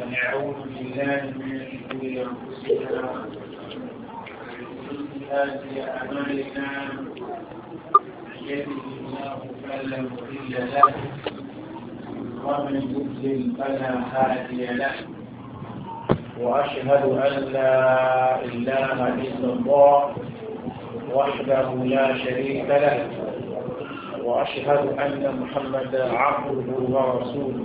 ونعوذ بالله من شرور انفسنا ومن وسيئات اعمالنا من يهده الله فلا مضل له ومن يضلل فلا هادي له واشهد ان لا اله الا الله وحده لا شريك له واشهد ان محمدا عبده ورسوله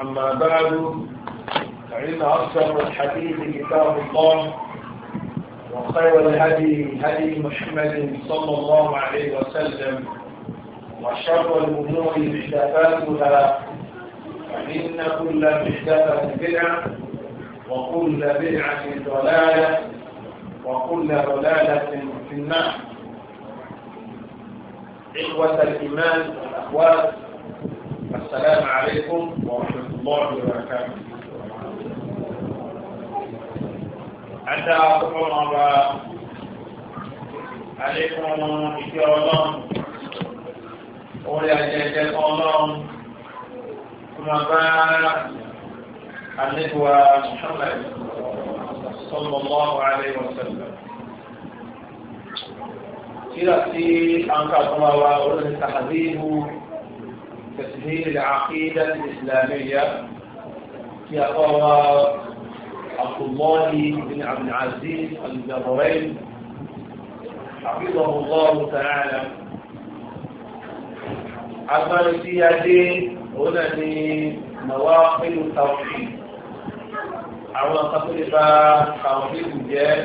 أما بعد فإن أصدر الحديث كتاب الله وخير الهدي هدي محمد صلى الله عليه وسلم وشر الأمور محدثاتها فإن كل محدثة بدعة وكل بدعة ضلالة وكل ضلالة في النار إخوة الإيمان والأخوات السلام عليكم ورحمة الله وبركاته أنت أقول الله عليكم إكي الله أولي أجل الله ثم بعد النبوة محمد صلى الله عليه وسلم كلا في أنك أقول الله التحذيب تسهيل العقيدة الإسلامية يقرأ عبد الله بن عبد العزيز الجبرين حفظه الله تعالى أما السياسي هنا نواقل التوحيد أو akọ́kọ́lé توحيد الجاد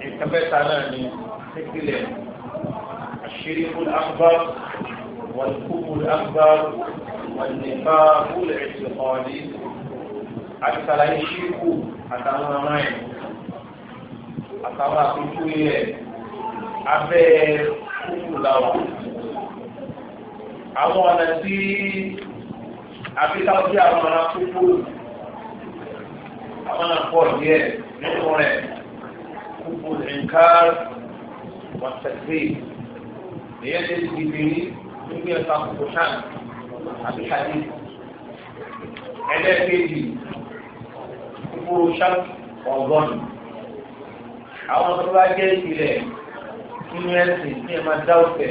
fíìmù على nǹkan mẹ́ta náà والكفر الأكبر والنفاق الاعتقادي àtàlàyé ṣíkù àtàwọn ọmọ ẹ̀ àtàwọn àkókò ilẹ̀ abẹ́ kúkú làwọn. àwọn ọ̀nà tí àbíkáwọ́ bí àwọn ọ̀nà kúkú àwọn ọ̀nà pọ̀ díẹ̀ nínú rẹ̀ kúkú nǹkan wọ́n tẹ̀sí ìyẹn ti di bìrì nígbà ẹ̀ka kòkòrán àbí hadi ẹlẹ́ẹ̀kejì kúkúrú ṣáp ọ̀gbọ́n àwọn tó bá jẹ́ ìpìlẹ̀ nínú ẹ̀sìn ní ẹ̀ máa dá ọ̀fẹ́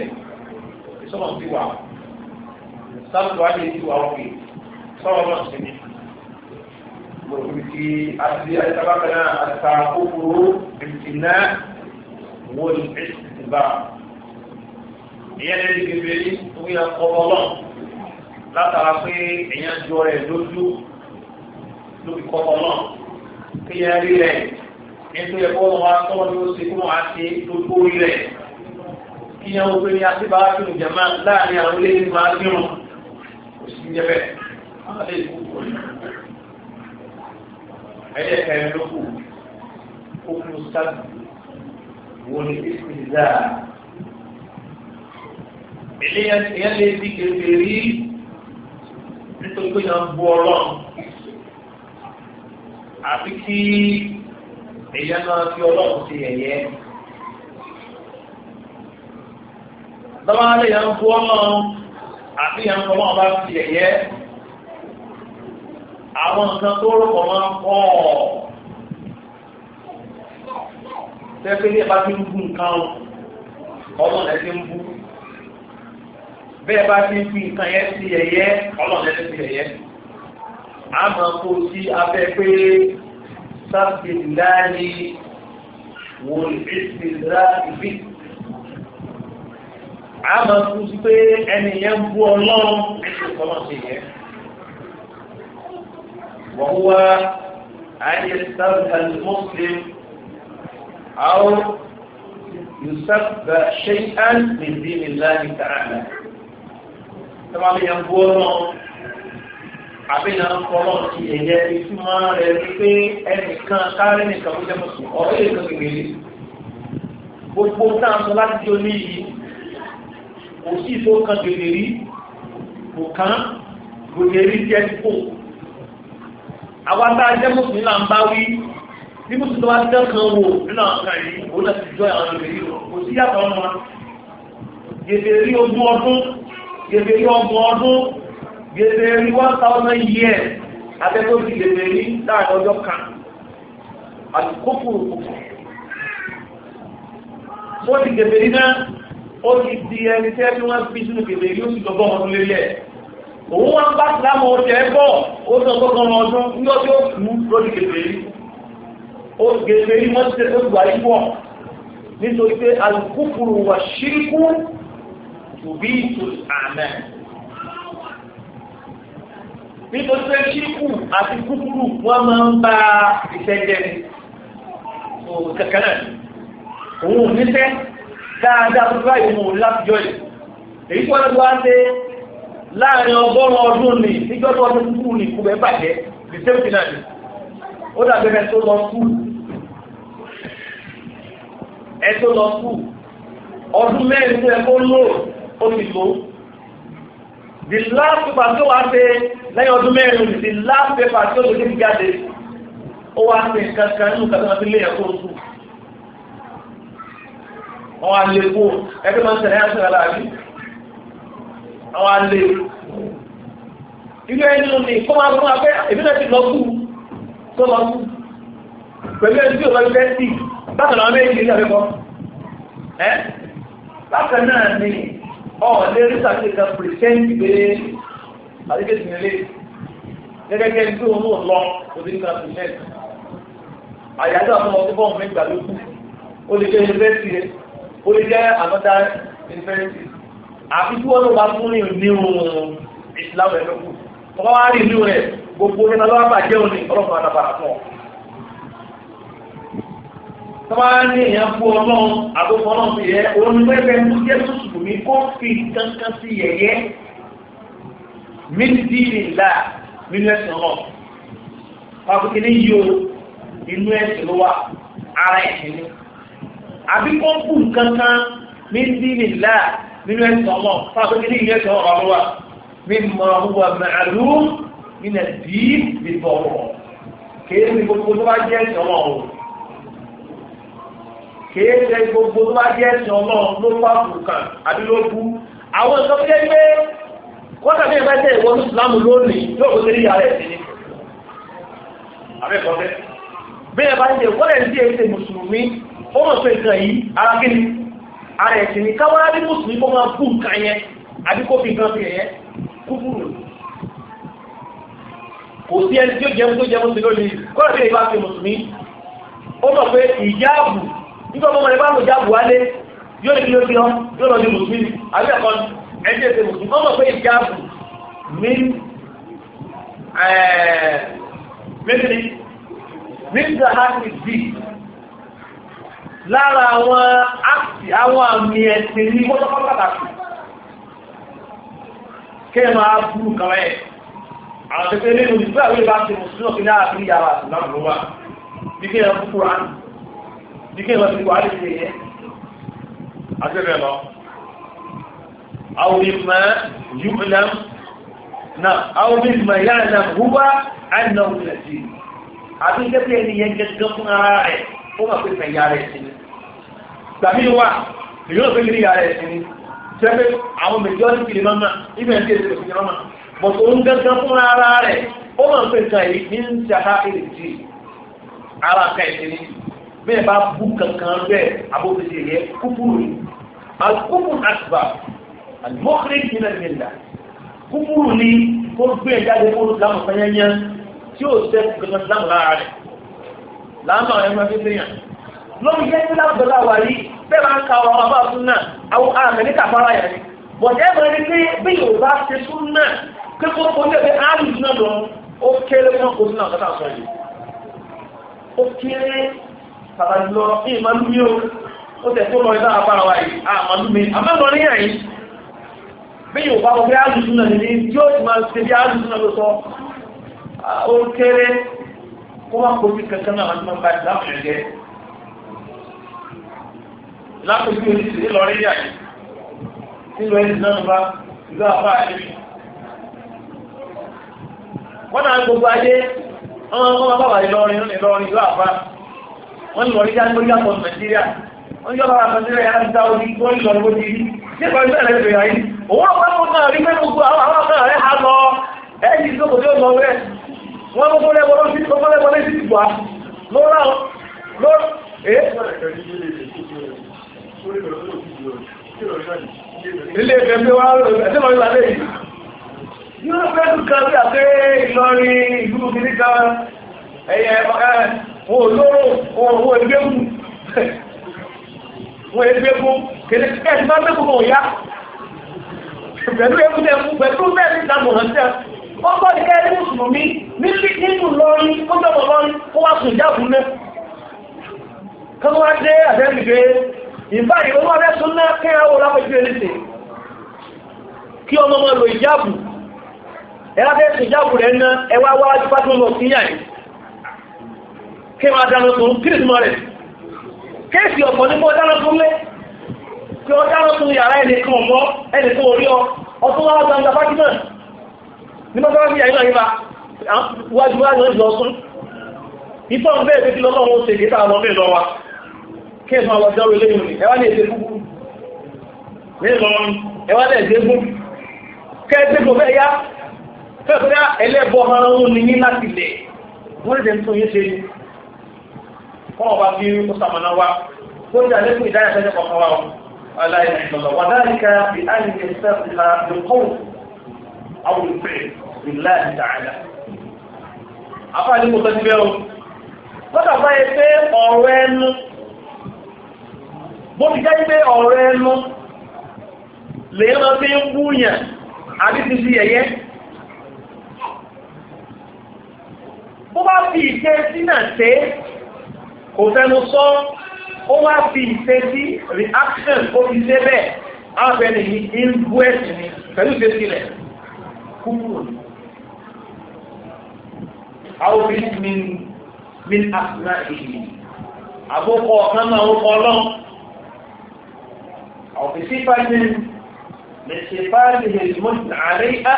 sọ̀rọ̀ sí wa sábà wà lè sí wa òkè sọ̀rọ̀ náà sí ni mọ̀lùkì àti àtàbàkànà àtàkùkùrú ìtìná wọ́n ìtìbá ìyẹn lè di bèbè yìí tó yẹ ọmọ náà látara pé èèyàn jọ rẹ lójú lórí kọ́kọ́ náà kéèyàn rí rẹ nítorí ẹ̀kọ́ wọn wá tọ́wọ́ ni ó ṣe kí wọ́n á ṣe lójú orí rẹ kíyàn ó gbé ní asébáwá tó lè jẹ̀má láàrin àwọn ilé ní máa gbìrùn kò sí ní ẹbẹ̀ ẹ̀yẹ kẹrin ló kù ó kú sábà wọlé ìpínlẹ̀ dáa èyàn lè di kèké rí nítorí pé yàn ń bu ọlọ́run àfi kí èyàn máa fi ọlọ́run ṣe yẹ̀yẹ́. Bàbá lè yàn ń bu ọlọ́run àfi yàn ń fọwọ́ ọba ṣe yẹ̀yẹ́. Àwọn nǹkan tó rò pọ̀ máa ń pọ̀ tẹ́fẹ́ ní ẹ̀bá tí ń bu nǹkan ọmọ rẹ̀ ti ń bu bẹ́ẹ̀ bá ti fi nǹkan yẹn sí ẹ̀yẹ ọlọ́run ẹ̀sìn sí ẹ̀yẹ. a máa kó sí abẹ́ pé sáfì láàyè wò lèsì láàbí. a máa kó sí pé ẹni yẹn bú ọlọ́run ẹ̀sìn ọlọ́run sí ẹ̀yẹ. wọ́n wá ayé sáfì mùsùlùm àwọn yusuf bá ṣe é án min dinillahi ta'ala tọ́ba bí yẹn bú ọ́nà àbí yẹn kọ́nà ti ẹ̀yẹ ìtumọ̀ rẹ̀ ni pé ẹnìkan kárí nìkan bó jẹ́ mọ̀sùn ọ̀rọ̀ yẹn kan kékeré gbogbo táwọn láti di oní yìí kò sí ìfowó kan kékeré kò kán kékeré jẹ́ kó àwa tá a jẹ́ mọ̀sùn náà ń bá wí bí mọ̀sùn tó bá dán kan wò nínú àwọn kan yìí òun náà ti jọ àwọn ìrírí rẹ̀ kò sí yàtọ̀ ọmọ yèdè rí ọdún gèdè rí ọgbọ̀n ọdún gèdè rí one thousand years abẹ́tọ́ ti gèdè rí láàrin ọjọ́ kan àti kófòrò kófòrò ó ti gèdè rí náà ó ti di ẹni tẹ́ bí wọ́n fi sínú gèdè rí ó sì lọ́gbọ́n ọdún lélẹ̀ òun wọn bá sílámù ọjà ẹ bọ̀ ó sọ gbọ́gbọ́n ọdún ní ọjọ́ òkú lórí gèdè rí ó gèdè rí wọ́n ti tẹ́ tó wà yíwọ̀ nítorí pé alùpùpù wà ṣírí tòbí ìtò àmẹ nítorí pé ṣíkù àti kúkúrú wọn máa ń bá iṣẹ́ jẹ kankan náà òun ò níṣẹ́ dáadáa tó báyìí mo lápjọ yìí èyí tó wọn wá dé láàrin ọgọ́rùn ọdún ni níjọ́ tó ọdún kúkúrú ni kú bẹ́ẹ̀ bàjẹ́ the same thing náà ni ó dàbí ẹ tó lọ kú ẹ lọ kú ọdún mẹ́rin tó ẹ kó lóòrùn ó ti fò the last paper tó wá ṣe lẹ́yìn ọdún mẹ́rin the last paper tó lè ti jáde ó wá ṣe nǹkan kan nínú kan tó máa fi lé ẹ̀kọ́ oṣù àwọn àlekò ẹgbẹ́ máa ń tẹ̀lé àṣẹ aláàbí àwọn àlè ilé ẹnu ni kó máa fún abẹ́ ìbílẹ̀ ti lọ kú tó lọ kú pẹ̀lú ẹni tí ò lọ fẹ́ sí bákan náà méjì ní àbẹ́kọ́ ẹ́ bákan náà ni ọ̀hún lé rísà tí kan pìrìsẹ́ǹtì pé àdébẹ̀sì nílé gẹ́gẹ́ gẹ́gẹ́ tí òun náà lọ òbí kan pìrìsẹ́ǹtì àyájọ́ àwọn ọmọ ọdún mẹ́gbà ló kù ó lè jẹ́ yunifásitì rẹ̀ ó lè jẹ́ ànọ́dá yunifásitì àfi tí wọ́n ló bá fún ní ní òun ìsìlámù ẹ̀ ló kù ọkọ̀ wá rí ìlú rẹ̀ gbogbo ní ọlọ́wọ́ bàjẹ́ òní ọlọ́pàá tọ́ba ní èèyàn fún ọlọ́run àbúkọ náà fi yẹ onígbẹ́gbẹ́ tó jẹ́ mùsùlùmí kó fi kankan sí yẹ̀yẹ́ mílíọ̀nù ńlá mílíọ̀nù náà pàtàkì ní yíyó inú ẹ̀sìn ló wà ara ẹ̀sìn ni àbí kó bù kankan mílíọ̀nù ńlá mílíọ̀nù náà pàtàkì ní ìlú ẹ̀sìn ọ̀rọ̀ wa mímọ ọ̀húnwà màálù nínú ẹ̀dí bíbọ̀ ọ̀rọ̀ kéé gbogbo tó bá jẹ́ ẹ̀sìn ọ̀rọ̀ kìí ṣe gbogbo tó bá jẹ́ ẹ̀sìn ọlọ́run ló fà bùkàn àbí ló kú àwọn ìsọ pé pé kọ́tà bí ẹ̀fẹ́ tẹ̀ ìwọ́n ìsìlámù lónìí yóò kó tẹ́lẹ̀ yàrá ẹ̀sìn ni àbẹ́kọ́ tẹ́ bí ẹ bá ń jẹ wọ́lẹ̀ ní ẹ̀ ṣe mùsùlùmí ó mọ̀ pé nǹkan yìí ara kí ni ara ẹ̀sìn ni káwọn arábí mùsùlùmí kó máa bù nǹkan yẹn àbí kó fi nǹkan fi yẹn kúkúrú kò sí ẹni tí ó jẹun tó jẹun sí lónìí kọ́lá bí ìbá fi mùsùlùmí ó nígbà ọmọ rẹ̀ bá mú jáàbù wálé yóò ní kí ló fi hàn yóò lọ di mùsùlùmí àbí ẹ̀kọ́ ẹni ètò mùsùlùmí ọmọ pé ìjáàbù ní mẹ́tìrì nígbà hàtì dì lára àwọn àti àwọn àmì ẹ̀sìn ní mọ́tọ́kọ́ pàtàkì kéèyàn máa burú kan ẹ̀ àwọn tẹ́tẹ́ nínú ìgbà wíwá ti mùsùlùmí ọ̀kìnrin àti ìyàwó àti lábùrú wa bí kéèyàn kúkúrú àná ike lọ sí wàhálì ṣe yẹ àtẹ̀bẹ̀ lọ. àwọn ìmọ̀ yúbìlẹ̀ náà àwọn ìmọ̀ yá nà húbá àìnà òwúlẹ̀ sí i. àbí gẹ́gẹ́ ẹni yẹn gẹ́gẹ́ fún ara rẹ̀ ó mà pé fẹ̀yà rẹ̀ sí ni. tàbí wa èyí ò fẹ́ kiri yàrá ẹ̀ sí ni. sẹ́fẹ̀ àwọn méjì ọ̀sìn kiri mọ́mọ́ ibẹ̀ ń tẹ̀sí òfin mọ́mọ́. bọ̀tò ń gẹ́gẹ́ fún ara rẹ̀ ó mà pé kàyí ní bẹ́ẹ̀ bá bú kankan bẹ́ẹ̀ abófisì yẹ kúkúrú ni alukúkú àtùbà alimọ́kiri ìdílé nílá kúkúrú ni kó gbé ẹ̀ e jáde kó lámù fẹ́yẹ́yẹ́ tí ó sẹ́ kankan lámù lára rẹ̀ lámù àwọn ẹ̀ma fífi yàn lọ́mú yẹn ní láwùjọ láwà rí bẹ́ẹ̀ máa ń ka ọ̀rọ̀ ọba fún náà àwọn àmì ní kàfárá yẹn ni bọ̀dẹ́ ní bí yóò ṣe fún náà kékeré kó ní ẹgbẹ́ áàlù náà lọ ó kéré fún ọkọ̀ sínú àwọn sọ yìí ó kéré pàtàkì lọ ní ìmọ̀lú mi ó ó tẹ̀ tó lọ ìdá àpárá wa yìí àmọ̀lú mi àmọ́ ní àyín bí yóò bá wọlé àdùsùn náà nìyí tí ó ti máa ṣe bí àdùsùn náà ló sọ ó kéré kó wá kojú kankan náà láti máa ń ba ìdáàbò rẹ̀ jẹ́ lápòjú oníṣẹ́ ìlọrí àyè ẹni náà bá ìlú àbá àyè wọ́n náà gbogbo ayé wọ́n máa bá wà Ìlọrin Ìlọrin ìlú àbá wọ́n lọ rí dájú lórí àpọ̀ nàìjíríà wọ́n yọ bàbá nàìjíríà yára ti dáwọ́ ní wọ́n lọ ní bóti nípa ìgbà rẹ̀ bẹ̀rẹ̀ ayé òun àwọn ọmọ náà rí pé gbogbo àwọn àwọn náà rẹ̀ há lọ ẹ̀yìn tó kò tó lọ rẹ̀ wọ́n gbogbo lẹ́wọ́ ló sí gbogbo lẹ́wọ́ lé sí ìgbà lọ́rọ̀ lọ́ eh. ilé ìfẹ́ pé wá ẹ̀sẹ̀ lọ́rí lálẹ́ yìí yóò fẹ́ tún kan bí àpé Ìlọrin ìlú kìnnìkan wọn olóró wọn ẹgbẹ́kù wọn ẹgbẹ́kù kìlì ẹ̀sìn máa gbẹ́kù wọn ya pẹ̀lú ẹkú tẹ̀ pẹ̀lú bẹ́ẹ̀ ní ìdáàbò hàn tẹ̀ wọ́n kọ́ nínú lọ́rin kó jọmọ̀ lọ́rin kó wá sùn jáàbù náà kọ́kọ́ dé àtẹ́gbẹ̀gbẹ̀ ìbá ìwọ́n wá fẹ́ náà kí àwọn olápẹ̀jú kí ọmọ ọmọ lò ìjáàbù ẹ wá fẹ́ sùn jáàbù rẹ̀ ná ẹ wá wájú pátó sí yàrá kí wọ́n dáná tó kí nìtúmọ̀ rẹ̀ kéèsì ọ̀pọ̀ ní kó dáná tó lé kí wọ́n dáná tó yàrá ẹnìkan ọ̀mọ́ ẹnìkan orí ọ ọtún wá gbangba bá jùlọ ní bá bá fi àyínà yíba wájú wájú ń lọ sún ìtọ́ ń bẹ́ẹ̀ fi lọ́wọ́ wọn ṣe kí táwọn ọmọ ìlọ wa kéèsì máa wọ́n dáwọ́ eléyìí ni ẹwà ní èdè kúkú nílọ ẹwà ní èdè kú kẹ́ẹ̀dẹ́ kò fẹ́ yá fẹ́ẹ̀ fẹ́ ẹlẹ́bọ̀ ọmọ ọ̀run ní láti lẹ̀ wọ́n lè tẹ̀ ń tún yín ṣe ni kọ́mọ bá fi ó sàmọ̀nà wa kó ní àlékún ìdáyà sẹ́jọ́ kọ̀ọ̀kan wa aláìní ìlọ́lọ́ wà dáríkà bí àyè sẹ́fìlà lókòwò àwọn olùfẹ́ ìlà ìtààlà. afá ní mo sọ ti bẹ́ẹ̀ o wọ́n tàbá yẹ pé ọ̀rọ̀ ẹnu bó bá fi ìṣe sínà tẹ́ kò fẹ́nu sọ ó wá fi ìfẹ́ sí reaction ó fi ṣe bẹ́ẹ̀ àwọn ẹni ní invoice ni pẹ̀lú ìfẹ́ sílẹ̀ kúrò àwọn obìnrin mi mi àfúrá èyí àbókọ ọ̀kan náà ó kọ́ lọ́n àwọn fi sífà ní mẹsẹ̀fà ní hezmọ́tì àríyá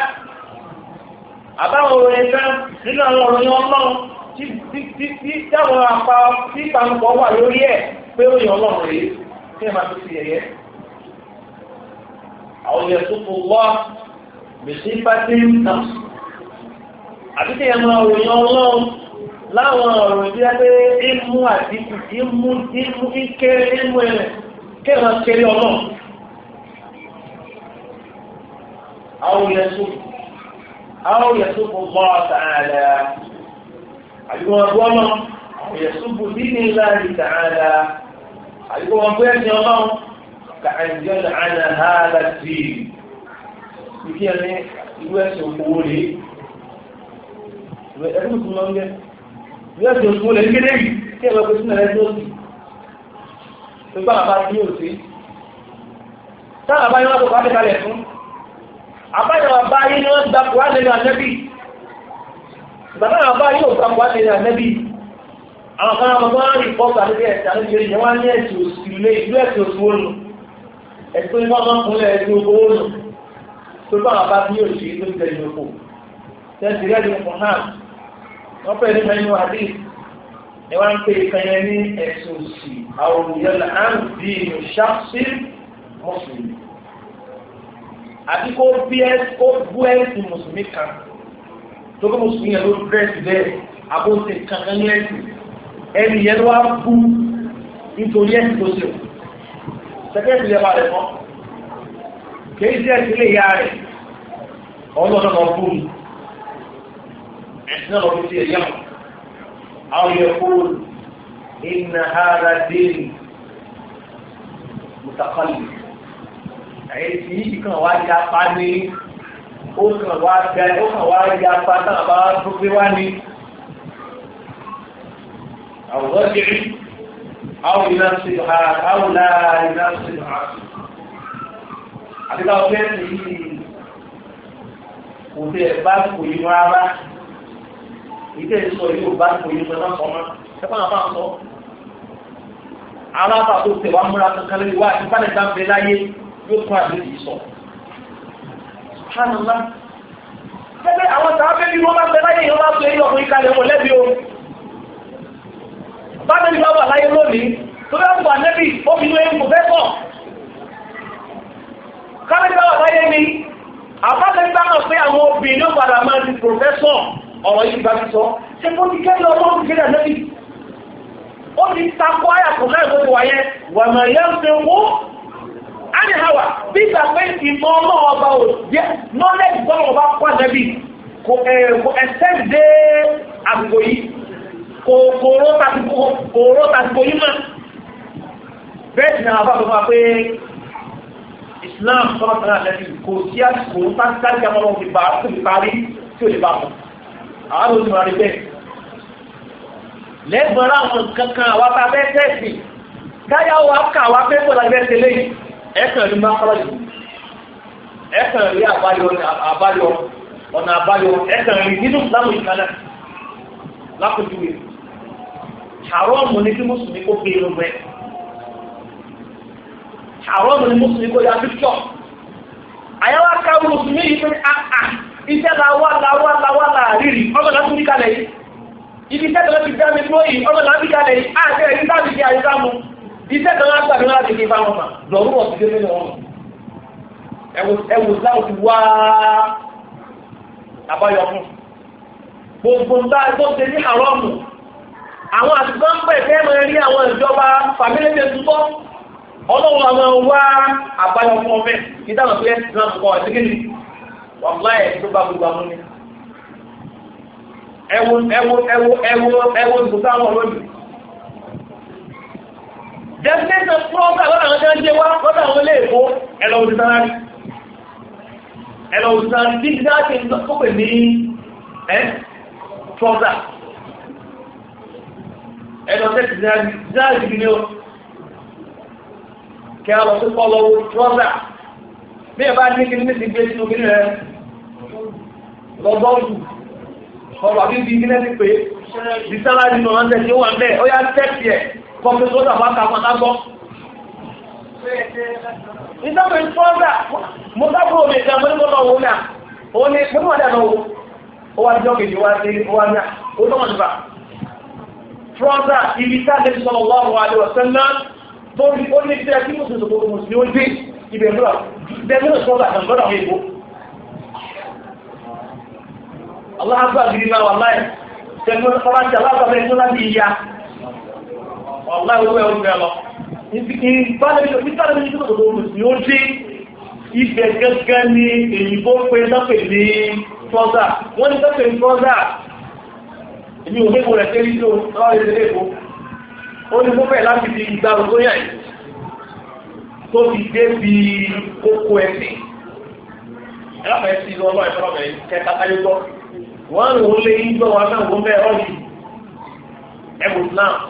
àbáwọn orin kan nínú àwọn ọ̀rọ̀ ọlọ́run tí táwọn apá tí ìpànùpọ̀ wà lórí ẹ̀ pé ó yàn ọlọ́run rèé kí ẹ máa fi ti ẹ̀yẹ. àwọn yẹn tó fò wá bèsì bá dé nà àbí kí ẹ máa ròyìn ọlọ́run láwọn ọ̀rọ̀ bí pé ìmú àdínkù ìmú ìmú ìkéré ìmú ẹ̀rẹ̀ kí ẹ máa kéré ọlọ́run. àwọn yẹn tó àwọn yẹn tó fò wá ọ̀tàn àlẹ́ àdúgbò wọn bú ọlọ́run ìyẹ̀sùnbù nílé láàyè tààlà àdúgbò wọn bú ẹ̀sìn ọlọ́run kàìjọ́ làánà hàlà sí i kí ẹni irú ẹ̀sìn òkúwò lè ẹ̀rú tó máa ń gẹ́ irú ẹ̀sìn òkúwò lè kéde yìí kí ẹ̀rọ pé sínú ẹ̀rọ tó sì tó bá bá òsè táwọn àbáyọ wọn kò bá dé kalẹ̀ fún àbáyọ àbáyé ni wọn gba kó á lè lọ bàbá àbá yóò ta wá lè rà nẹ́bí àwọn kan àwọn bá rí pọ́ọ̀tù àdébí ẹ̀sìn àdébí ẹ̀sìn wọn ní ẹ̀sìn òsì ilé ìlú ẹ̀sìn òsì òòlù ẹ̀sìn ní wọn máa ń kúnlẹ̀ ẹ̀sìn òkú òòlù tó bá àbá ní òsì tó ń tẹ̀lé òkú tẹ̀sí rẹ̀ ní mohan wọ́n pẹ̀lú mẹ́nu àdí ni wọ́n ń pè é kanyẹ ní ẹ̀sìn òsì àwọn òyìnbó tókè mùsùlùmí yẹn ló dírẹ́sì bẹ́ẹ̀ àbóṣe kankan ní ẹ̀sìn ẹni yẹn ló wá bú nítorí ẹ̀sìn tó ṣe sẹ́kẹ́ ìpìlẹ̀ wà rẹ̀ mọ́ kìí ṣe ẹ̀sìn lè yá rẹ̀ ọlọ́dọ̀ lọ bú mi ẹ̀sìn náà lọ fi ṣe ẹ̀yà mọ́ àwọn yẹn kó ìnà ara déèrè mùtàkọ́lì ẹ̀sìn yìí kan wá yá pa ní ó kàn wá gẹ ó kàn wá ya pátá àbá dúpẹ́ wá ní. àwùjọ kiri àwọn iná sí ha àwọn iná iná sí ha. àti káwọn fẹ́ẹ́ sì yí kò tẹ bá kò yí wọn rárá ìdí ẹ̀ sọ yóò bá kò yí wọn náà sọ wọn ẹ fọ́n sọ alábàá tẹ̀ wá múra kankan lórí wá àti bẹ láyé yóò tún àdéhùn sọ subhanallah gẹ́gẹ́ àwọn sàábẹ́ bí wọ́n bá fẹ́ láyé yọ bá fẹ́ yọ ọkùnrin kalẹ̀ wọ lẹ́bi o bá tẹ́lẹ̀ bá wà láyé lónìí tó bẹ́ẹ̀ wà lẹ́bi obìnrin ẹ̀yìn kò fẹ́ pọ̀ kábẹ́lẹ̀ bá wà láyé ni àbáfẹ́ bá mọ̀ pé àwọn obìnrin padà máa di pòfẹ́sọ̀ ọ̀rọ̀ yìí bá ti sọ ṣé kó ti kẹ́lẹ̀ ọmọ òkèlè lẹ́bi ó ti takọ àyàkùn náà gbogbo wáyé wàmọ̀ yẹn ń fi wó ánìhàwà bí ìgbà pé ìmọ̀ ọmọ kò ẹ̀sẹ̀ eh, dé àgbò yìí kòró tàbíkò yìí mọ́ bẹ́ẹ̀ sì náà bá bọ́ pé Islam sọ́nà sọ́nà lẹ́nu kò sí àsìkò tàbíkà mọ́ lọ́wọ́ ìbá tó lè parí tí ò lè bá mọ́ àwọn ló ti wà rí bẹ́ẹ̀ lẹ́gbọ̀n láwọn kankan àwọn abẹ́ tẹ̀sí káyà wà ká wà pé kò lábẹ́ tẹ̀lé ẹ̀kan ló máa kọ́lọ́ yìí ẹ̀kan rí àbáyọ ọ̀nà àbáyọ ẹ̀sẹ̀ rí nínú ìsìlámù ìkànnà lápòjúwe haramu ni kí mùsùlùmí kó gbé irun rẹ̀ haramu ni mùsùlùmí kó ya píkọ̀ àyẹ̀wò aká mùsùlùmí yìí pé àà ah, ah, iṣẹ́ la wà la wà la wà náà tún yìí ibi iṣẹ́ ti mi yìí náà yìí àti mu àbáyọ fún gbogbo ń bá tó ṣe ní àrọ́mù àwọn àtúntò ń pè fẹ́ máa rí àwọn ìjọba fàmílẹ́tẹ̀ tuntọ́ ọlọ́run àwọn wá àbáyọ fún kí táwọn pé ni wọ́n ẹ̀ tó bá gbogbo àwọn ẹwo ẹwo ẹwo ẹwo ẹwo àwọn tí wọ́n jẹ́ wá ẹ̀rọ òṣìṣẹ́ ní ti dáàtì tó pè ní ẹ́ trọ́dà ẹ̀rọ tẹ́tì dáàtì ní o kí a lọ sí pọ́ lọ́wọ́ trọ́dà bí ẹ bá ní kí ní ti gbé sínú kí ní rẹ lọ́gọ́rù ọ̀rọ̀ àbí bí ilé ti pé ìsára nínú ọ̀rọ̀ tẹ̀sí wà mẹ́ ọ yá tẹ́tì ẹ̀ kọ́mpútà wákàtà máa gbọ́ nígbà tó ń tọ́ ọ́dà mo sábà omi ìjà mo ní ni mo ní wà dáná wò ó wá jọ́ kejì wá sí wá náà ó tọ́ mọ̀tò bá. trọ́sà ibi tá a lè sọ wà wà lè wà sẹ́nà tó ní ó ní tẹ́ kí mùsùlùmí tó mùsùlùmí ó dé ibẹ̀ mìíràn bẹ́ẹ̀ mìíràn trọ́sà kan gbọ́dọ̀ àwọn èèbó. aláàbà gidi náà wà láì tẹnu ọlá ibẹ̀ gẹ́gẹ́ ni èyìnbó pé lọ́pẹ̀ ní fọ́dà wọ́n ni lọ́pẹ̀ ní fọ́dà èmi ò gbégbò rẹ̀ tẹ́lí tó lọ́rẹ̀ ilé èkó ó ní mọ́fẹ́ láti fi ìgbàrún tó yà yìí tó fi dé bí kókó ẹ̀sìn ẹlọ́pẹ̀ sí lọ́lọ́ ìfọ́lọ́pẹ̀ kẹta káyé gbọ́ wọ́n rò ó lé yín gbọ́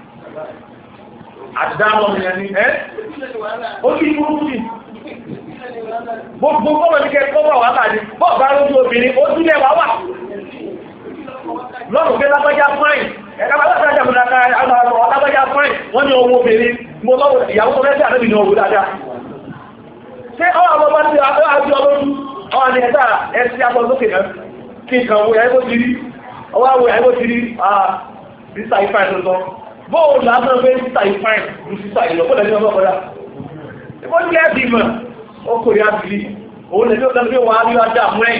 àdámọ́ ni ẹni ẹ́ ó kí burúkú ni gbogbo bọ́ọ̀lù ní kẹ́ kọ́ bọ̀ wá tàbí bọ́ọ̀ bá lójú obìnrin ó dúlẹ̀ wá wà lọ́rùn pé lágbájá fáìn ẹ̀ka bá lágbájá mú lágbájá àwọn lágbájá fáìn wọ́n ní owó obìnrin mo lọ́wọ́ ìyàwó tó mẹ́sẹ̀ ni lókè náà kí nǹkan wo bóòlù àmọ́ pé sísà ìfáìn ní sísà ìlọ bóòlù ẹni ọmọ ọ̀dá ìbọn ilé ẹ̀dì mọ̀ ọkùnrin àbílí òun lè ní ọ̀dọ́ pé wà á rí ọjà mú ẹ̀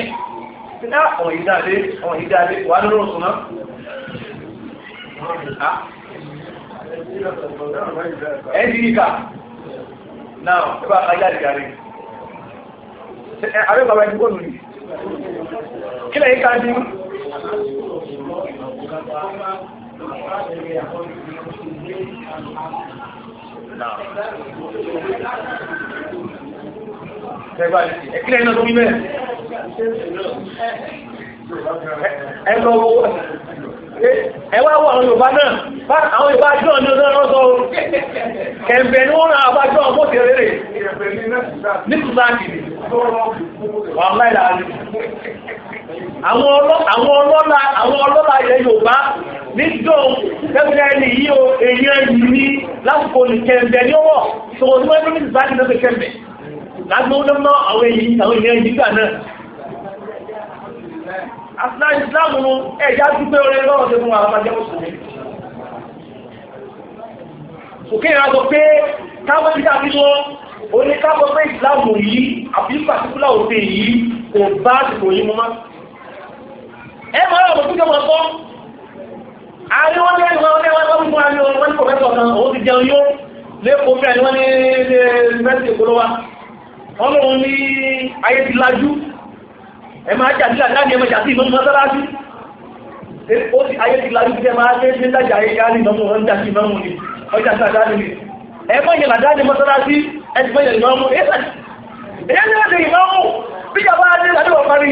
síná ọ̀hún ìdáde ọ̀hún ìdáde wà á lọ́rùn sùn náà. ẹ̀dì ìkà náà ẹ bá ká jáde jáde àbẹ́ bàbá ẹni bọ́ọ̀lù yìí kílẹ̀ yìí ká dín. Ẹ̀kílẹ̀ iná tó wílẹ̀. Ẹ lọ wo. Ẹ wá wo àwọn Yorùbá náà. Àwọn Yorùbá jọ̀ ní ọdún ọ̀rọ̀ sọ o. Kẹ̀m̀bẹ̀ ni wọ́n ràn àbá jọ̀ ọ̀pọ̀ ti rere. Ní Tùsáàkì. Wàhálà ìlànà àwọn ọlọ́lá àwọn ọlọ́lá ilẹ̀ Yorùbá níjọ́ tẹ́gbẹ́rẹ́lì yìí o èèyàn yìí ní lásìkò ní kẹ̀m̀bẹ̀ ní ọwọ́ tòun ní wọ́n ní bá ní lọ́sẹ̀ kẹ̀m̀bẹ̀ lágbóhùn náà àwọn èèyàn yìí gbà náà àtìlá ìsìláàmù nu ẹ̀já dúpẹ́ orin lọ́wọ́ tó fún wa máa jẹ́ mùsùlùmí. òkè ìrìnàjò pé káwọn títà bí wọn oníkábọ̀ pé ìsìláàmù yìí àbí pàtíkúlà òfin yìí kò bá àsìkò yìí mú máa ẹ máa wà lójú jọmọ gbọ́ àárín wọn lẹ́nu wọn lẹ́wọ́n wọn fún àárín wọn ní pòfẹ́sọ̀ kan òun ti jẹun yó lẹ́kọ̀ọ́ bẹ́ẹ̀ ni wọ́n ní yunifásitì ìpolówó wa wọ́n lóun ní ayé ti lajú ẹ máa jà nígbà láti ẹ máa jà sí ìmọ̀ mọ́sálásí ó ti ayé ti lajú kí ẹ máa ṣe ṣe dájà ayé ká ní ìmọ̀ wọn jà sí ìmọ̀ mu ni ọjà sí àdáni ni ẹ mọ̀ yẹn làdá ní mọ́sálásí ẹ ti mọ̀ yẹn ìmọ̀ mu èyí ni wọ́n ti ìmọ̀ mu bíjọba adé làdé wọ̀ parí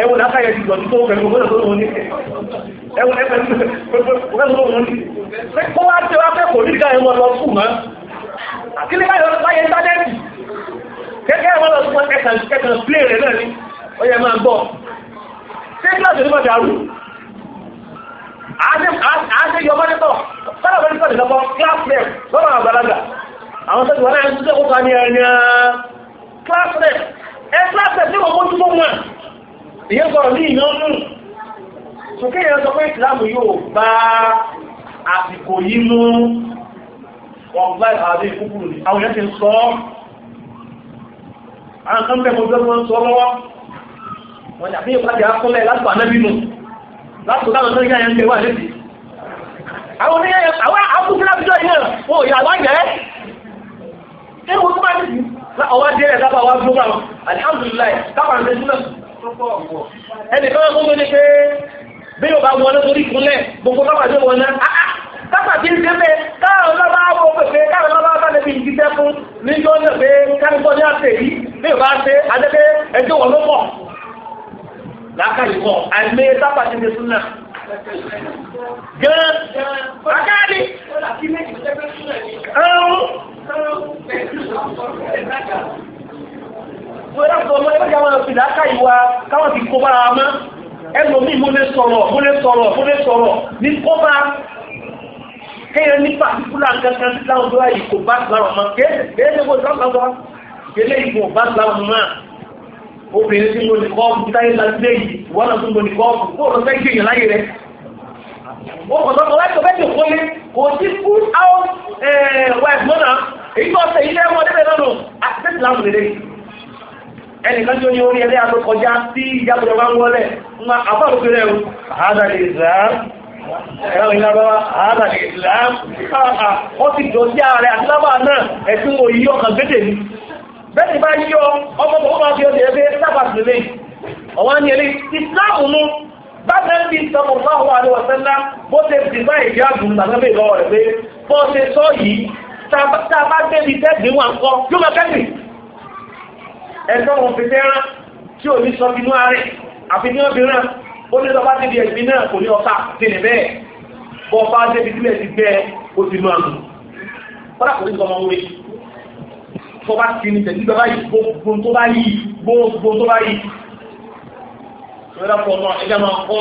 ẹwọ lákàyẹ ti gbọ̀dú tó pẹ̀lú ọgbọ́n tó wọn ní ẹwọ ẹgbẹ̀rún ọgbọ́n tó wọn ní kó wá tí wá fẹ́ kò ní káyẹ wọn lọ fún mọ́ àkílẹ̀ káyọ láyé íńtánẹ́ẹ̀tì kẹ́kẹ́ wọn lọ fún ẹ̀kàn kẹ́kàn plé rẹ̀ náà ni ó yẹ máa gbọ́ ṣé kíláàsì ní bàjá rù àáṣe yọ mọ́ni tọ̀ sábà bẹ́ẹ̀ sọ̀rọ̀ lọ́kọ́ kíláàsì rẹ̀ lọ́rọ̀ àgbàlagbà àwọn sọ́jú wọn náà ń tún ìyẹn sọ̀rọ̀ ní ìyọ́nù ṣùkè yẹn sọ pé ìsìlámù yóò bá àsìkò yìí mú wọn bá ìhàdé kúkúrú ní àwọn yẹn ti sọ ọ́ àwọn kan bẹ́ẹ̀ mo bẹ́ẹ̀ mo ń sọ lọ́wọ́ wọn ni àbí ìpàdé akọ́lẹ̀ látò ànábì nù látò táwọn tó ń gbé wà lẹ́sì àwọn oníyẹn àwọn akúkúrú àbíjọ yìí náà ẹnìkan wọn kó ní pé bí yóò bá wọlé torí ìkúnlẹ̀ gbogbo bàbá tó wọlé ah, ah, áá bàbá tí ń débẹ̀ káàrọ̀ bá wọ pèpè káàrọ̀ náà bá bá lè ìdíjẹ́ fún níjọ́ náà pé kárígbọ́n ní àtẹ̀ yìí bí yóò bá ṣe adébẹ́ ẹjọ́ wọn ló pọ̀ lákàlùkọ àìmé sábà ti ń desún gan akáàdì ẹ̀rù tó ẹ̀rọ sọ ọmọ ẹgbẹ́ àwọn ìdáká ìwà káwọn ti kó bára mọ́ ẹnu mi mo lè sọ̀rọ̀ mo lè sọ̀rọ̀ mo lè sọ̀rọ̀ ní kó bá kéèyàn ní pàtíkúlà kankan sí láwùjọ yìí kò bá gbà ọmọ kéèyàn kò sọ ọmọ kéèyàn ìbò bá gbà ọmọ obìnrin tí mo ní kọ́ọ̀bù táyé láti lé yìí wọ́n náà tún mo ní kọ́ọ̀bù kó o lọ fẹ́ kéèyàn láyé rẹ̀ ó kò ẹnìkan tí ó ní orí ẹlẹ́ àtọ́ kọjá sí ìjábọ̀dọ̀ bá ń wọlẹ̀ ma àbáwọ̀ pẹ̀lẹ̀ ẹ̀rù àádàlì Islam ẹ̀rọ ìlàbáwá àádàlì Islam ó ti jọ sí ààrẹ àti lábàá náà ẹ̀sùn òyí ọkàn gẹ́gẹ́ ni bẹ́ẹ̀ ti bá yíyọ ọmọ bọ̀ máa fi ọdẹ ẹgbẹ́ sábà sí lé ọwọ́ ní ẹlẹ́ Islam mú bákan bí sallallahu alaihi wasallam bó ṣe ti ẹ̀tọ́ wọn fi fẹ́ràn tí ò ní sọ inú ààrẹ àfi ní obìnrin ó ní lọ́ba débi ẹ̀gbin náà kò ní ọ̀sà tẹ̀lé bẹ́ẹ̀ bọ́ bá débi sílẹ̀ ti gbẹ ó ti máa nù kọ́dà kò ní sọ ọmọ wọlé tó bá ti ní tẹ̀sí bàbá yìí gbogbo tó bá yìí gbogbo tó bá yìí ìrẹ́lá náà ẹgbẹ́ máa kọ́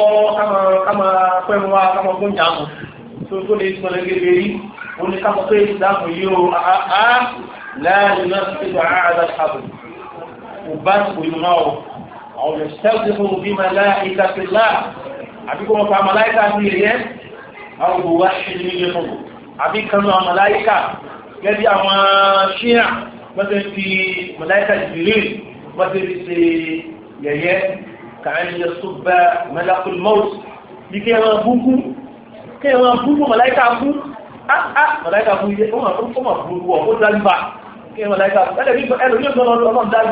káma pẹ́ẹ́mú wa káma gbóhùn jàmù tó tó lè sọ lẹ́gẹ̀dẹ̀ rí oníkàkọ́ pé ìdáàbò yìí ó kò bá kò yìí mọ́ ọ àwọn ọ̀rẹ́ sẹ́wọ́n fún bí màláìka ti lá àbí kò mọ̀ pa màláìka ti yẹ àwọn òwò wá ṣe ní ilé mọ̀ àbí kanu àwọn màláìka gẹ́gẹ́ bí àwọn ṣíà wọ́n ti fi màláìka Jibril wọ́n ti fi ṣe yẹ̀yẹ́ kàáyé yasubba malakul maut bí kí ẹ máa búkú kí ẹ máa búkú màláìka kú màláìka kú yẹ ó máa búkú ọ̀ ó dájú bá kí ẹ màláìka kú ẹlẹ́bí ẹlòmíràn lọ́nà ọlọ́run dájú.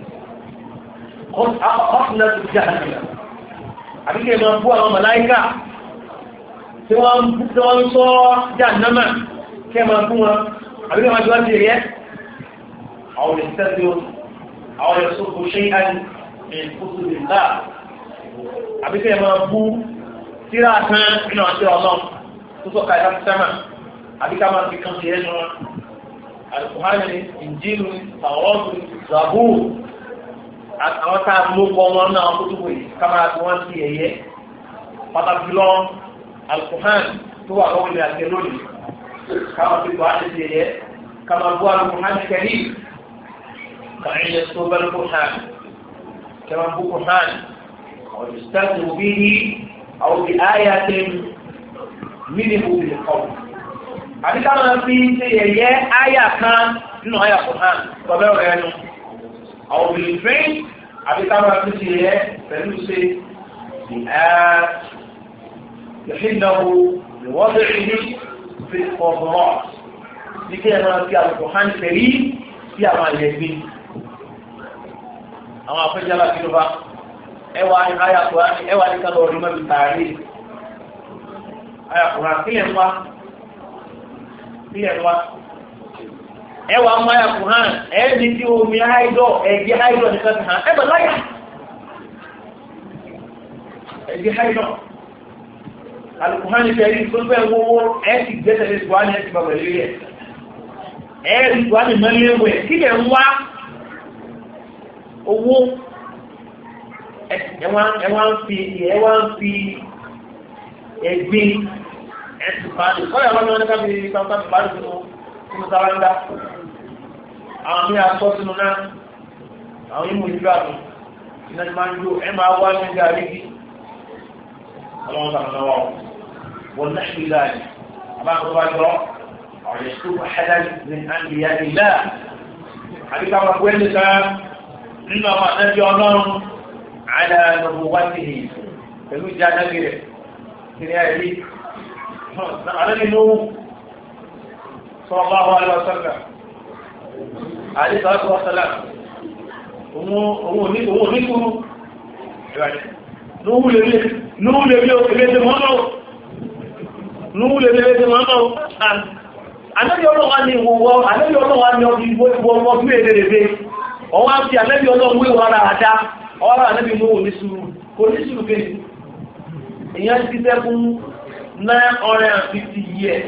kọ́sílẹ̀ tó jahannama àbí kí ẹ máa bú àwọn màláíkà tí wọ́n ń sọ jahannama kí ẹ máa bú wọn àbí kí ẹ máa jọ ti rí ẹ. àwọn ìṣẹ́jú àwọn ìṣòfò ṣe é ìfúsù nìlá àbí kí ẹ máa bú tíra kan nínú àti ọlọ́run tó sọ̀ka ẹ̀dá sẹ́mà àbí ká fi kan sí ẹnu wọn. àlùkò hánà ni ìjìnlù àwọn ọ̀gbìn àwọn tá a mú kọ́ wọn náà kó tó wòye kámẹ́rà tí wọ́n ti yẹyẹ pàtàkì lọ alukuhan tó wà lọ́wọ́ ilẹ̀ àti lónìí káwọn ti kọ́ àti yẹyẹ káwọn bú alukuhan kẹ́rì kàwọn yẹ tó bẹ́ẹ̀ lukuhan kẹ́wọn bú kuhan ọ̀dọ̀ sítẹ́ẹ̀tì òbí yìí àwọn òbí ayé àti mímí òbí kọ́ àbíkáwọn fi ń ṣe yẹyẹ ayé kan nínú ayé àkùnhàn tọ́bẹ́ rẹ̀ nù àwọn obìnrin train àbí táwọn àti ti yẹ pẹ̀lú ṣe ìhìnàwó ìwọ́dọ̀ ìní fi ọ̀gbọ̀n ní kí ẹ máa fi àlùkò hàn tẹ̀lé sí àwọn àyẹ̀gbé àwọn afẹ́jálá kí ló bá ẹwà ayàkùrá ẹwà ní kálọ̀ ọdún mẹ́rin tààrí ayàkùrá kílẹ̀ ń wá kílẹ̀ ń wá. ẹ wà máyà kù hàn ẹ omi háìdọ̀ ẹ̀jẹ̀ háìdọ̀ nìkan e ti hàn ẹ láyà ẹ̀jẹ̀ háìdọ̀ alùpùpù hàn ní fẹ́ẹ́ tó fẹ́ wọ́wọ́ ẹ ti gbẹ́sẹ̀ lé tùwá ní ẹ ti bàbà lé ẹ rí tùwá ní mẹ́lẹ́wẹ̀ kí lẹ̀ ń wá owó fi ẹ fi sínú sáwáńdá àwọn mí asọ́ sínú náà àwọn yìí mú ìlú àmì iná ni máa ń yó ẹ máa wá ní ìdá rí bí ọlọ́run sàmì náà wà ó wọ́n náà ṣe ìlà yìí àbákọ́ bá gbọ́ ọ̀rẹ́ tó ẹ̀dá ní àǹdíyá ìlà àbíká máa gbé nìkan nínú àwọn àtẹ́bí ọlọ́run àdá lọ́wọ́ wá sí i pẹ̀lú ìjà náà rẹ̀ kí ni àyè rí صلى الله عليه وسلم عليه الصلاة والسلام òun ò ní kúrú lóhùn lè rí ẹgbẹ́ mọ́ náà lóhùn lè rí ẹgbẹ́ mọ́ náà àlẹ́bí ọlọ́wà ní ìwọ̀wọ́ àlẹ́bí ọlọ́wà ní ọmọ bí èdè rẹ̀ rẹ̀ ọwá fi àlẹ́bí ọlọ́wọ́ ìwọ̀ ara àdá ọwá àlẹ́bí mú òní sùúrù kò ní sùúrù kejì èyàn ti tẹ́kún 950 years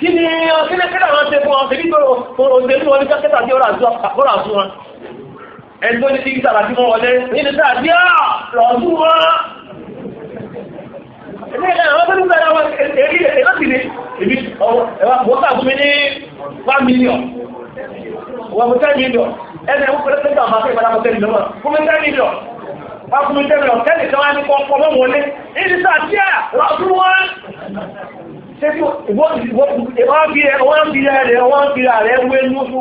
kí ni kí ni kílẹ̀ wọn ṣe fún wọn ṣèlú òṣèlú wọn ní kákẹ́tà tí ó rà sí wọn ẹni tó ní kí sábà tí wọ́n wọlé nínú sáà bí á lọ́ọ̀dú wọn. ẹni ẹ̀ka àwọn tó ní sáà wọn èyí ẹ̀ láti lè èmi ẹ̀wà wọ́n kà fún mi ní one million wọ́n fún ten million ẹni ẹ̀wọ́n pẹ̀lú pẹ̀lú àwọn akẹ́kọ̀ọ́ láwọn ten million fún mi ten million wọ́n fún mi ten million kẹ́lẹ̀ kan wá ní kọ́ ọmọ wọlé nínú sáà bí á lọ́ọ̀dú ṣé tí wọ́n fi rẹ̀ wọ́n fi rẹ̀ wé lóṣù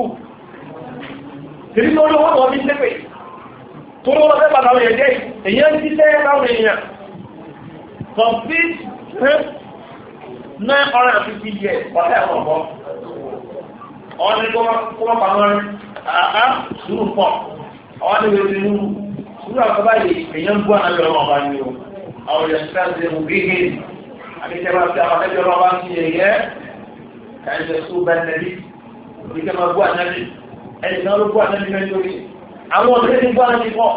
tèmi tó lówó tó fi ṣépè tó lówó tẹ́ bàtà òyìn jẹ́ èyí ń ṣiṣẹ́ láwọn èèyàn complete nine hundred and fifty years ọ̀tẹ́ ẹ̀wọ̀n bọ́ ọ̀ọ́ni tó wọ́n pamọ́ àá sùúrù pọ̀ ọ̀ọ́ni wọ́n ti rú sùúrù àkọ́bá yìí èèyàn ń bú àwọn ọmọ ọba ni o àwọn èèyàn ti ká ṣe mú gígé àbíkẹ́ máa fi àwọn ẹlẹ́jọ́ máa wá sí ẹ̀yẹ́ káyọ̀ tó bá ẹnẹ́bí àbíkẹ́ máa bú ànábì ẹ̀yìn náà ló bú ànábì mẹ́tòrí àwọn ọ̀dẹ́ ti bú ànábì pọ̀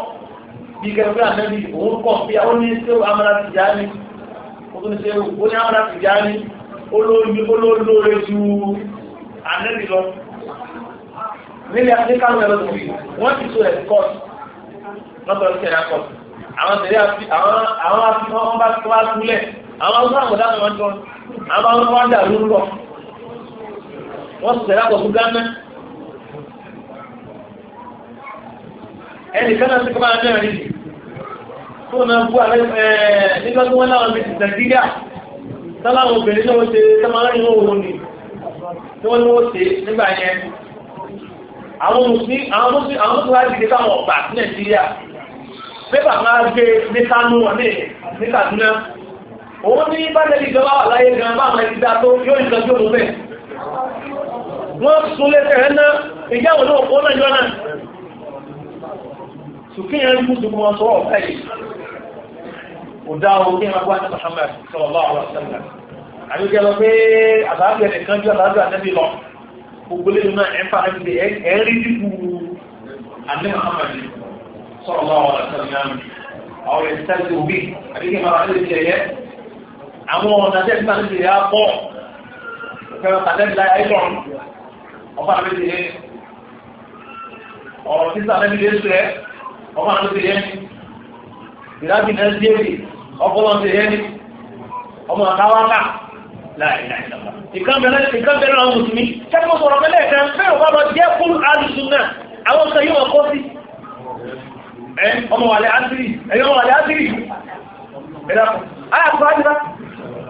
bí kẹ́ fún ànábì òun kọ̀ bí ó ní ṣé amara ti já ní ó tún ṣe ó ní amara ti já ní olóore ju ànábì lọ nílẹ̀ áfíríkà ń lọ sí wọ́n ti so ẹ̀kọ́t lọ́tọ̀ọ́sẹ̀ ẹ̀kọ́t àwọn tẹ̀lé àwọn àwọn àfihàn wọn bá tó wá túlẹ̀ àwọn awúsá àmọ̀dá àwọn ọjọ́ àwọn awúsá wọn dà lórí rọ wọ́n sì tẹ̀lé àkọ́kọ́ gánà ẹnì kan náà ti kọ́mọ́ àmì àrí tó náà bú àrẹ nígbà tí wọ́n láwọn fi ti nàìjíríà sáláwọn obìnrin náà ṣe sẹ́mọ́láyìn òun ni tí wọ́n ní wọ́n ṣe nígbà yẹn àwọn mùsùlùmí àwọn mùsùlùmí àwọn mùsùlùmí láti dìde káwọn ọ̀gbà sí nàìjíríà pépà máa gbé ní kánú ní Kaduna òun ní bátẹ́lì ìjọba wà láyé gan bá àwọn ìdíjà tó yóò ń tọ́jú òun bẹ́ẹ̀. wọ́n súnlé tẹ̀rẹ́ náà ìjà wọn náà kó náà jọ náà. sùkúnyẹn ń kúndùn wọn sọ ọ̀fẹ́ yìí. kò dá ohun kí n máa gbọ́ àti Muhammad sallallahu alaihi wasallam. àdókè lọ pé àbábẹ̀ nìkan jọ àbábẹ̀ àtẹ́bí lọ. gbogbo lè nínú ẹ̀fà ẹ̀rí dìbò àti Muhammad sallallahu alaihi wasallam. àwọn ìtẹ́jú bí àdókè máa wà ní ìṣẹ̀yẹ àwọn ọ̀nà tẹ́ nígbà tó tẹ̀lé apọ̀ òfin ọ̀tà tẹ́lẹ̀ láyà ìtọ̀n ọba àti tẹ̀lé ọ̀rọ̀ sísá tẹ́lẹ̀ lé sùrẹ́ ọba àti tẹ̀lé ìdájì náà déèdì ọkọ̀ wọn tẹ̀lé ọmọ àkáwáká láìláìláìlá ìkan bẹ̀rẹ̀ àwọn mùsùlùmí kẹ́kọ̀ọ́ sọ̀rọ̀ bẹ́lẹ̀ kan fẹ́ràn bá lọ jẹ́ fún alùsùn náà àwọn kan yóò kọ́ sí ọmọ wàlẹ̀ ásírì ẹ̀yọ́ wàlẹ̀ ásírì ẹ̀dàkùn ayàkùn ájúbá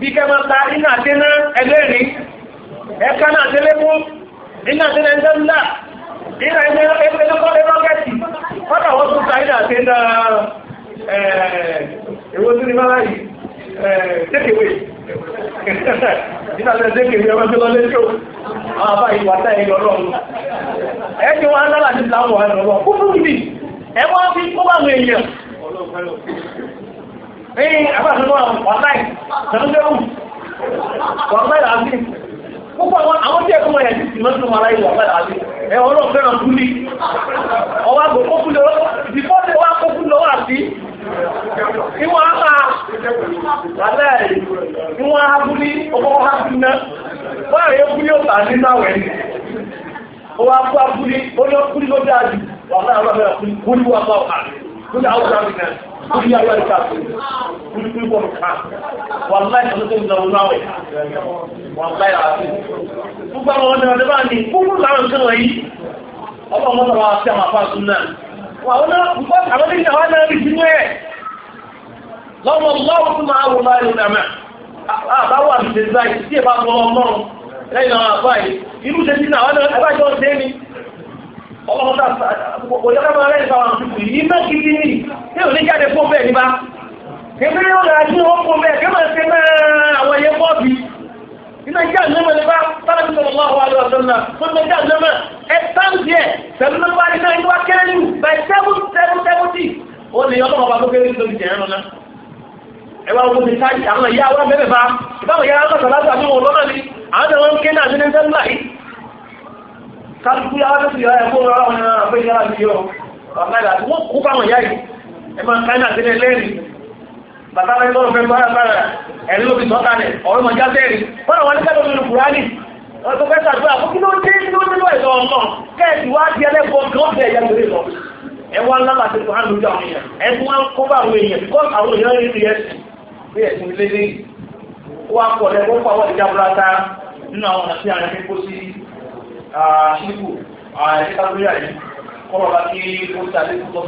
bí kẹ́ máa ta iná àtẹ́ná ẹlẹ́rìí ẹ̀ka náà tẹ́lẹ̀ mú iná àtẹ́ná ẹ̀ńdá ńlá iná ẹ̀ńdá ẹ̀ńdá kọ́lé rọ́kẹ́tì kọ́dà wọ́n tún ta iná àtẹ́ná èwo tún ní bá láyìí tékèwé iná àtẹ́ná tékèwé ọmọ tó lọ lẹ́jọ́ àwọn àbá ìwà tá ẹ̀yọ lọ́rùn ẹ̀ ti wọ́n á lálàá ti láwọn kúkú এই আবার online n'ụwa kudi ya yar kasu kudi kudi ko ka wallahi ko tin da unawe wallahi asin ku ba wannan da ba ni ku ku lawan kan wai ọmọ mọ́tò wa sí àwọn afá sunna wà wọn náà kú bọ́ àwọn ẹni àwọn náà rí sínú ẹ̀ lọ́wọ́ lọ́wọ́ tó máa wò láàrin ìdàmà àbáwọ̀ àbìsẹ̀ báyìí tí ọlọ́run tá kò yẹ ká máa rẹ́yìn fáwọn àtúntò yìí bẹ́ẹ̀ kí ti ní tí ò ní jáde fún bẹ́ẹ̀ nípa kébí yóò rà sí wọn fún bẹ́ẹ̀ kébí ṣe náà àwọn ẹyẹ bọ́ọ̀bì iná jẹ́ àlẹ́mọ̀ nípa sábà tí sọ̀rọ̀ lọ́wọ́ àlọ́ ọ̀sán náà tó ń jẹ́ àlẹ́mọ̀ ẹ táǹtì ẹ̀ pẹ̀lú nípa iná ìwà kéré jù by seven seven seventy ó lè ọlọ́run ọba tó kéré lórí jẹ̀ ẹ̀rọ náà ẹ wá kálukú yàrá tó ti yọ ẹ̀kọ́ rọra wọn náà fẹ́ yàrá ti yọ ọ̀gá tí wọ́n kú fáwọn ìyá yìí ẹ máa ká náà na bàtà rẹ lọ́rọ̀ fẹ́ gbára gbára ẹ̀rí ló fi sọ́ ọ̀rọ̀ mọ̀já sẹ́rì wọ́n wọn nígbà tó nínú kùránì ọ̀tọ̀ fẹ́ sàdúrà fún kí ló dé kí ló dé lọ́ọ̀ ṣíkù àìríkà lórí àyè kọ́rọ̀ bá kí ó ti àlékún